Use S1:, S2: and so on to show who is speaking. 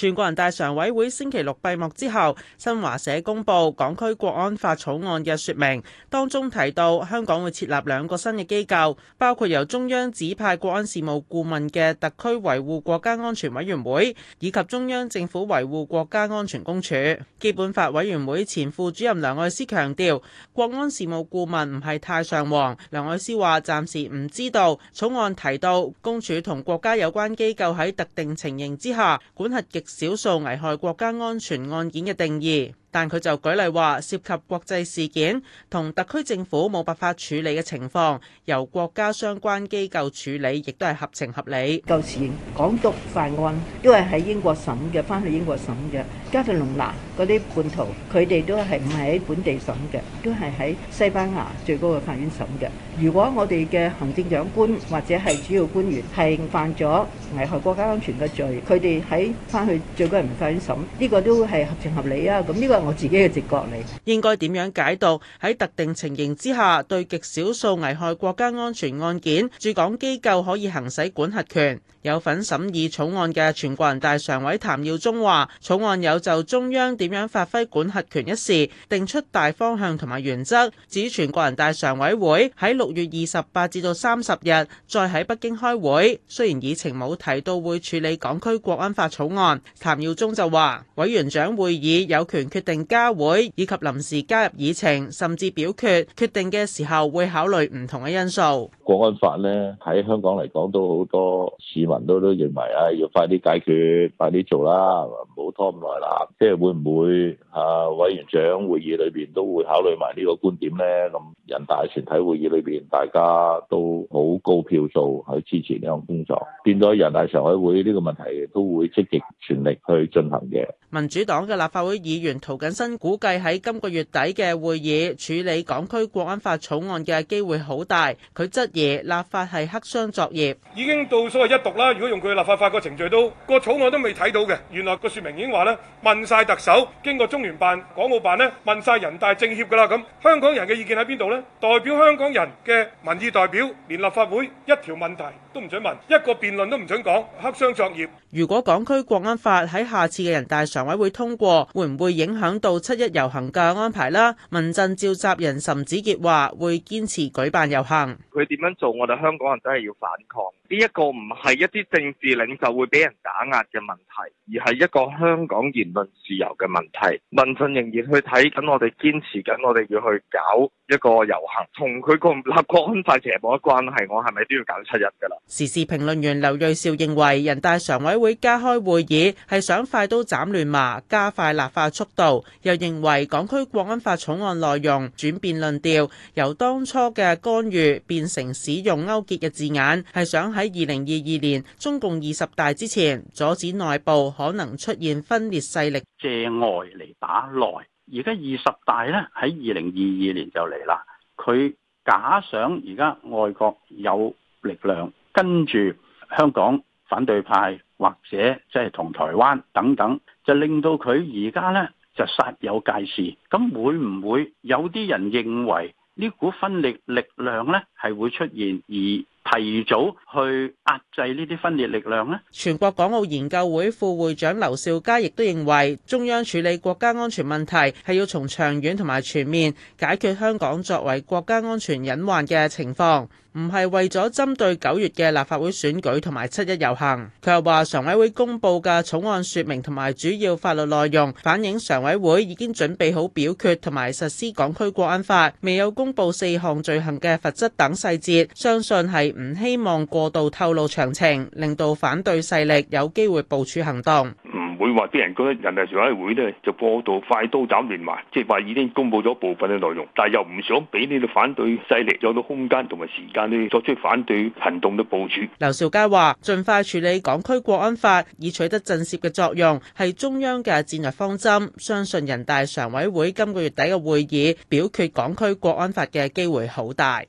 S1: 全國人大常委會星期六閉幕之後，新華社公布港區國安法草案嘅説明，當中提到香港會設立兩個新嘅機構，包括由中央指派國安事務顧問嘅特區維護國家安全委員會，以及中央政府維護國家安全公署。基本法委員會前副主任梁愛詩強調，國安事務顧問唔係太上皇。梁愛詩話：暫時唔知道草案提到公署同國家有關機構喺特定情形之下管轄極，少數危害國家安全案件嘅定義。但佢就舉例話涉及國際事件同特區政府冇辦法處理嘅情況，由國家相關機構處理，亦都係合情合理。舊時港督犯案，因為喺英國審嘅，翻去英國審嘅。加泰隆那嗰啲叛徒，佢哋都係唔喺本地審嘅，都係喺西班牙最高嘅法院審嘅。如果我哋嘅行政長官或者係主要官員係犯咗危害國家安全嘅罪，佢哋喺翻去最高人民法院審呢個都係合情合理啊。咁呢個。我自己嘅直覺嚟，應該點樣解讀？喺特定情形之下，對極少數危害國家安全案件，駐港機構可以行使管轄權。有份審議草案嘅全國人大常委譚耀宗話：草案有就中央點樣發揮管轄權一事，定出大方向同埋原則，指全國人大常委會喺六月二十八至到三十日，再喺北京開會。雖然議程冇提到會處理港區國安法草案，譚耀宗就話：委員長會議有權決定。定家會以及臨時加入議程，甚至表決決定嘅時候，會考慮唔同嘅因素。國安法咧喺香港嚟講都好多市民都都認為啊，要快啲解決，快啲做啦。拖咁耐啦，即係會唔會啊？委員長會議裏邊都會考慮埋呢個觀點呢？咁人大全體會議裏邊，大家都好高票數去支持呢項工作，變咗人大常委會呢個問題都會積極全力去進行嘅。民主黨嘅立法會議員塗謹申估計喺今個月底嘅會議處理港區國安法草案嘅機會好大。佢質疑立法係黑箱作業，已經到所謂一讀啦。如果用佢立法法個程序，都個草案都未睇到嘅，原來個說明。已經話呢問曬特首，經過中聯辦、港澳辦呢，問晒人大政協噶啦，咁香港人嘅意見喺邊度呢？代表香港人嘅民意代表，連立法會一條問題都唔準問，一個辯論都唔準講，黑箱作業。如果港區國安法喺下次嘅人大常委會通過，會唔會影響到七一遊行嘅安排啦？民陣召集人岑子傑話：會堅持舉辦遊行。佢點樣做，我哋香港人都係要反抗。呢、這個、一個唔係一啲政治領袖會俾人打壓嘅問題，而係一個香。香港言論自由嘅問題，民陣仍然去睇緊我哋堅持緊，我哋要去搞一個遊行，同佢個立國安法其實冇乜關係。我係咪都要搞七日㗎啦？時事評論員劉瑞兆認為，人大常委會加開會議係想快刀斬亂麻，加快立法速度。又認為港區國安法草案內容轉變論調，由當初嘅干預變成使用勾結嘅字眼，係想喺二零二二年中共二十大之前阻止內部可能出現。分裂勢力借外嚟打內，而家二十大呢，喺二零二二年就嚟啦。佢假想而家外國有力量跟住香港反對派或者即係同台灣等等，就令到佢而家呢，就煞有介事。咁會唔會有啲人認為呢股分裂力量呢，係會出現而？提早去壓制呢啲分裂力量咧。全國港澳研究會副會長劉兆佳亦都認為，中央處理國家安全問題係要從長遠同埋全面解決香港作為國家安全隱患嘅情況。唔係為咗針對九月嘅立法會選舉同埋七一遊行，佢又話常委會公布嘅草案說明同埋主要法律內容，反映常委會已經準備好表決同埋實施港區國安法。未有公布四項罪行嘅罰則等細節，相信係唔希望過度透露詳情，令到反對勢力有機會部署行動。會話啲人覺得人大常委會呢就過度快刀斬亂麻，即係話已經公佈咗部分嘅內容，但又唔想俾你哋反對勢力咗到空間同埋時間呢作出反對行動嘅部署。劉兆佳話，盡快處理港區國安法，以取得震懾嘅作用，係中央嘅戰略方針。相信人大常委會今個月底嘅會議表決港區國安法嘅機會好大。